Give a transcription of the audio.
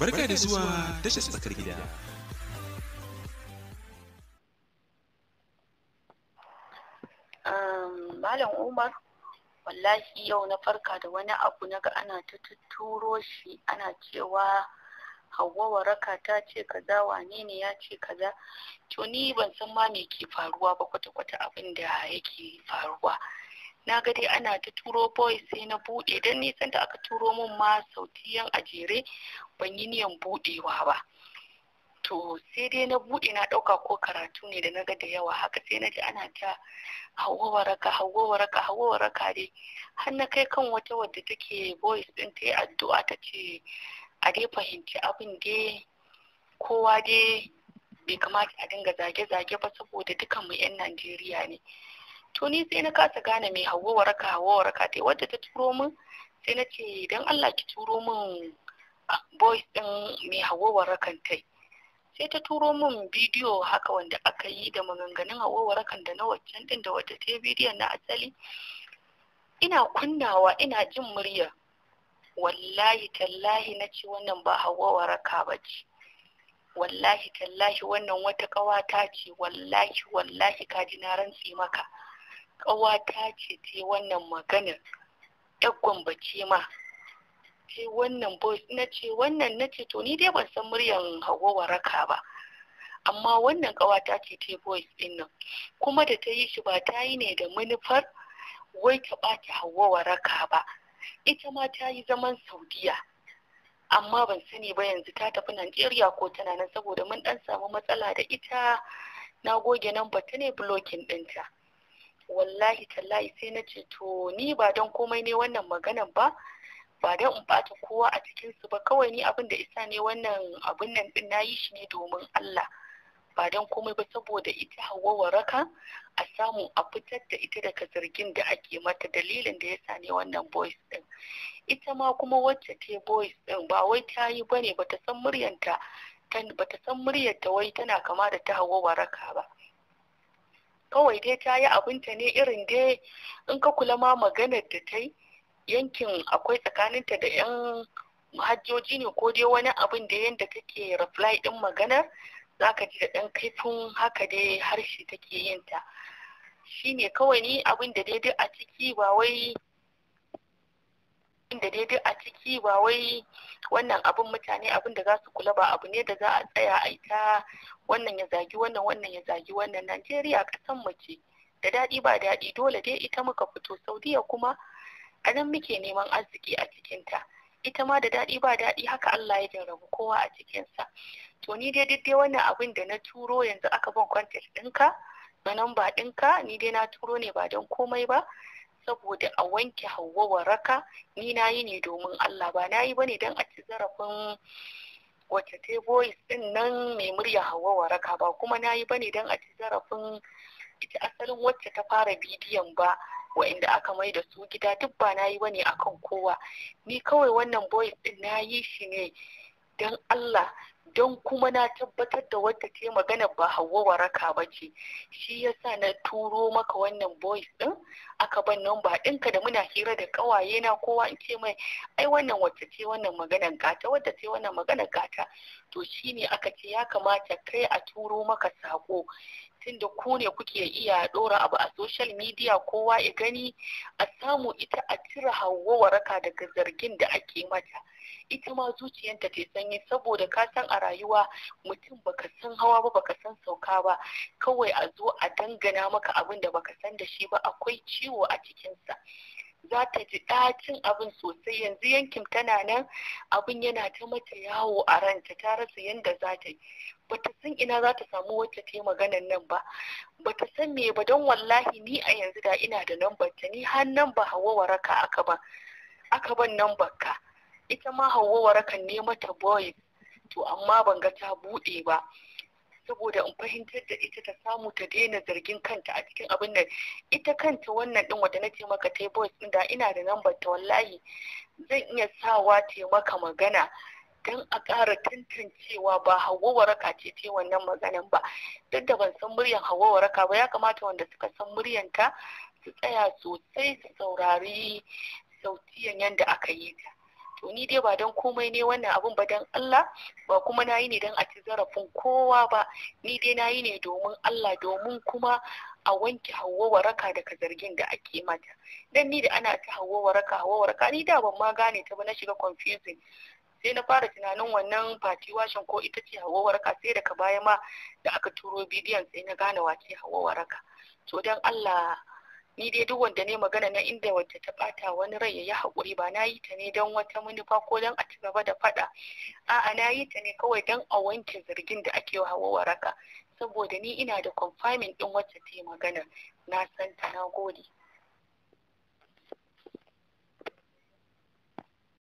Barka da zuwa tashar tsakar gida. Malam Umar, wallahi yau na farka da wani abu na ga ana ta tuturo shi ana cewa Hauwa waraka ta ce kaza wane ne ya ce kaza to ni ban san ma me ke faruwa ba kwata-kwata abin da yake faruwa na ga dai ana ta turo boys sai na buɗe don nisan da aka turo min ma sautiyan a jere ban yi niyan buɗewa ba to sai dai na buɗe na ɗauka ko karatu ne da na ga da yawa haka sai na ji ana ta hawa waraka hawa waraka hawa waraka dai har na kai kan wata wadda take boys din ta yi addu'a ta ce a dai fahimci abin dai kowa dai bai kamata a dinga zage-zage ba saboda dukan mu 'yan Najeriya ne to ni sai na kasa gane mai hawa waraka hawa waraka tai wadda ta turo min sai na ce don Allah ki turo min boys din mai hawa warakan tai sai ta turo min bidiyo haka wanda aka yi da maganganun hawa warakan da na waccan din da wadda ta bidiyon na asali ina kunnawa ina jin murya wallahi tallahi na ce wannan ba hawa waraka ba ce wallahi tallahi wannan wata ƙawata ce wallahi wallahi ji na rantse maka ƙawata ce ce wannan maganar yan gwambace ma ce wannan boys na ce wannan na ce to dai ban san muryan hawa waraka ba amma wannan ƙawata ce ce boys ɗin nan kuma da ta yi shi ba ta yi ne da manufar wai ta ɓata hawa waraka ba ita ma ta yi zaman saudiya amma ban sani ba yanzu ta tafi Najeriya ko tana nan saboda mun dan samu matsala da ita na goge nan ba ta ne blokin ɗinta. wallahi tallahi sai na ce to ni ba don komai ne wannan maganan ba ba don in ɓata kowa a cikinsu ba kawai ni abin da isa ne wannan abin nan din na yi shi ne domin Allah ba don komai ba saboda ita hawa waraka a samu a fitar da ita daga zargin da ake mata dalilin da ya sa ne wannan boys din ita ma kuma wacce ta boys din ba wai ta yi bane bata san muryanta san muryarta wai tana kama da ta hawa waraka ba kawai dai ta yi abinta ne irin dai in ka kula ma maganar da ta yi yankin akwai tsakaninta da 'yan hajjoji ne ko dai wani abin da yadda kake reply din maganar ka ji da ɗan kaifin haka dai harshe take yin ta ne kawai ni abin da daidai a ciki ba da daidai a ciki ba wai wannan abin mutane abin da za su kula ba abu ne da za a tsaya a ita wannan ya zagi wannan wannan ya zagi wannan najeriya kasan mace da daɗi ba daɗi dole dai ita muka fito saudiya kuma a nan muke neman arziki a cikinta ita ma da daɗi ba daɗi haka allah ya jarrabu kowa a cikinsa to ni dai duk dai wannan abin da na turo yanzu aka ban kwantar ɗinka na namba ɗinka ni dai na turo ne ba don komai ba saboda a wanke hawa waraka ni na yi ne domin Allah ba na yi ba ne don a ci zarafin wacce ta din nan mai murya hawa waraka ba kuma na yi ba ne don a ci zarafin ita asalin wacce ta fara bidiyon ba wa'inda aka mai da su gida duk ba na yi ba ne akan kowa ni kawai wannan voice din na yi shi ne don Allah don kuma na tabbatar da wata ta magana ba hawa waraka ba ce shi yasa na turo maka wannan boys din aka ban namba ɗinka da muna hira da kawaye na kowa in ce mai ai wannan wata ce wannan maganan gata wata ce wannan maganan gata to shi ne aka ce ya kamata kai a turo maka sako tunda ku ne kuke iya ɗora abu a social media kowa ya gani a samu ita a cire hawa waraka daga zargin da ake mata ita ma zuciyanta ta sanyi saboda ka san a rayuwa mutum baka san hawa ba baka san sauka ba kawai a zo a dangana maka abin da baka san da shi ba akwai ciwo a cikinsa za ta ji ɗacin abin sosai yanzu yankin tana nan abin yana ta mata yawo a ranta ta rasa yadda za ta yi bata san ina za ta samu wacce ta yi maganan nan ba bata san me ba don wallahi ni a yanzu da ina da nambar ta ni har nan ba hawa waraka aka ba aka ban nambar ka ita ma hawa waraka ne mata boy to amma ban ga ta bude ba saboda in fahimtar da ita ta samu ta daina zargin kanta a cikin abin da ita kanta wannan din wata ce maka ta boy din da ina da number ta wallahi zan iya sawa ta maka magana dan a ƙara tantancewa ba hawa waraka ce ta wannan maganan ba duk da ban san muryan hawa waraka ba ya kamata wanda suka san muryanta su tsaya sosai su saurari sautiyan yadda aka yi ta to ni dai ba don komai ne wannan abun ba don Allah ba kuma na yi ne don a ci zarafin kowa ba ni dai na yi ne domin Allah domin kuma a wanke hawa waraka daga zargin da ake mata dan ni da ana ta hawa waraka hawa waraka ni da ban ma gane ta ba na shiga confusing sai na fara tunanin wannan fati washin ko ita ce hawa waraka sai daga baya ma da aka turo bidiyon sai na gane wace hawa waraka to dan Allah ni dai duk wanda ne magana na inda wacce ta bata wani rai ya yi haƙuri ba na yi ta ne don wata manufa ko don a ci gaba da faɗa a'a na yi ta ne kawai don a wanke zargin da ake hawa waraka saboda ni ina da confirming din wacce ta yi magana na san ta na gode